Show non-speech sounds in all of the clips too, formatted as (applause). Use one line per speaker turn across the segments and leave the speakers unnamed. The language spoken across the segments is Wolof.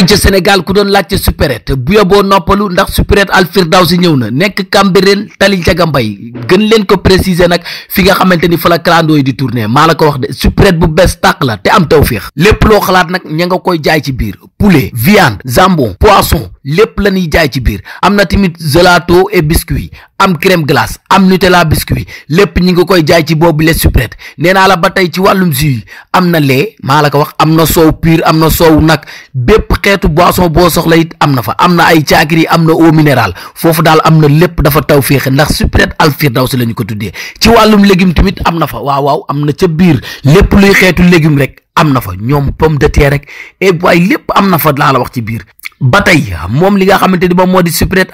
ay ca Sénégal ku doon laajte supérette bu yoboo noppalu ndax supérette si ñëw na nekk Cambérène tali Njaga Mbay gën leen ko préciser nag fi nga xamante ni fa la clando yi di tourner maa la ko wax de supérette bu bees tàq la te am tawféex lépp loo xalaat nag ña nga koy jaay ci biir poulet viande jambon poisson lépp la ñuy jaay ci biir am na tamit gelato et biscuit am crème glace am Nutella biscuit lépp ñu ngi koy jaay ci boobu les supérette nee naa la ba tey ci wàllum jus am na lait maa la ko wax am na soow pur am na soow nag bépp xeetu boisson boo soxla it am na fa am na ay caakiri am na eau minérale foofu daal am na lépp dafa taw féexe ndax supérette Alfirdawsi la ñu ko tuddee ci wàllum légume tamit am na fa waaw waaw am na ca biir lépp luy xeetu légume rek am na fa ñoom pomme de terre rek et waaye lépp am na fa laa la wax ci biir ba tey moom li nga xamante ni moom moo di supérette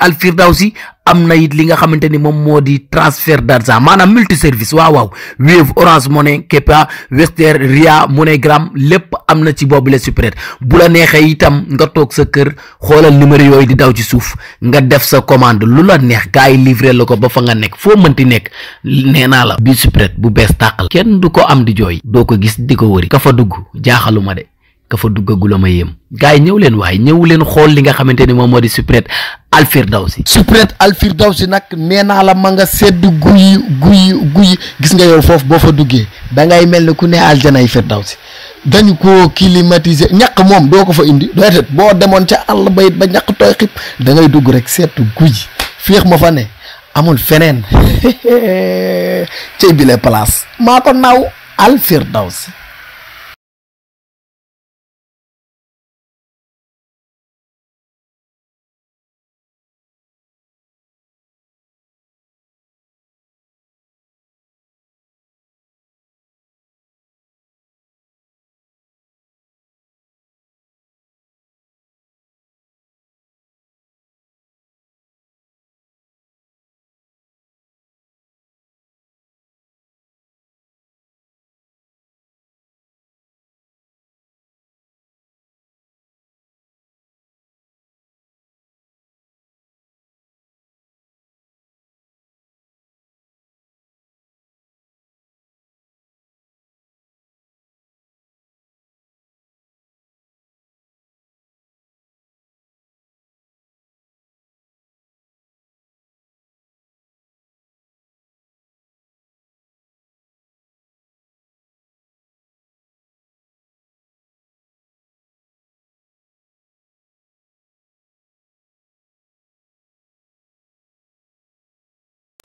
si am na it li nga xamante ni moom moo di transfert d'argent maanaam multi service waaw waaw Wave Orange Money Kepa Western Ria gramme lépp am na ci boobu la supérette bu la neexee itam nga toog sa kër xoolal numéro yooyu di daw ci suuf nga def sa commande lu la neex gars yi livré la ko ba fa nga nekk foo mënti nekk nee naa la bi supérette bu bees tàqal kenn du ko am di jooy doo ko gis di ko wëri ka fa dugg jaaxaluma de ka fa duggagula ma yem gaay ñew leen way ñew leen xol li nga xamanteni ni modi di supret alfirdausi supret alfir nak la ma nga sedd guyi guyi guyi gis nga yow fofu bo fa duggé da ngay melni ku ne aljana yi fir ko climatiser ñak mom do ko fa indi do tet bo demon ci ba bayit ba ñak toy xip da ngay dugg rek sedd guyi féex ma fa ne amul feneen
(laughs)
cey le place
maa naw alfirdausi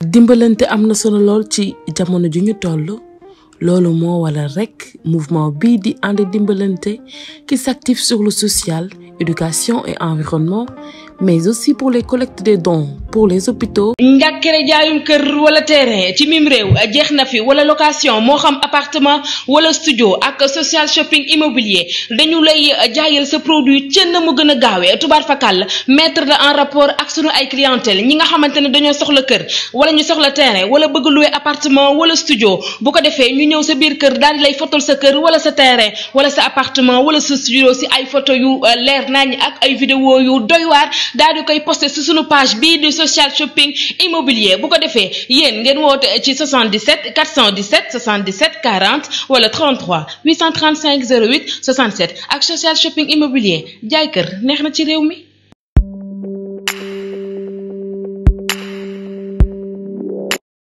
dimbalante amna na solo ci jamono ñu rek mouvement Bidi di ànd qui s'active sur le social éducation et environnement mais aussi pour les collectes des dons pour les hôpitaux. njàkkere jaayum keur wala terrain ci mim rew jeex fi wala location mo xam appartement wala studio ak social shopping immobilier dañu lay jaayal sa produit cenn mu gëna gaawé gaawee tubaar fakal mettre la en rapport ak sunu ay clientèle ñi nga xamantene dañu soxla keur wala ñu soxla terrain wala bëgg louer appartement wala studio bu ko défé ñu ñëw sa biir keur dal di lay fotol sa keur wala sa terrain wala sa appartement wala sa studio si ay photo yu euh, leer nañ ak ay vidéo yu doy waar d'ailleurs di koy poste sur page bi de social shopping immobilier beaucoup de fait y ngeen woote 77 417 77 40 ou le 33 835 08 67 ak social shopping immobilier jaay kër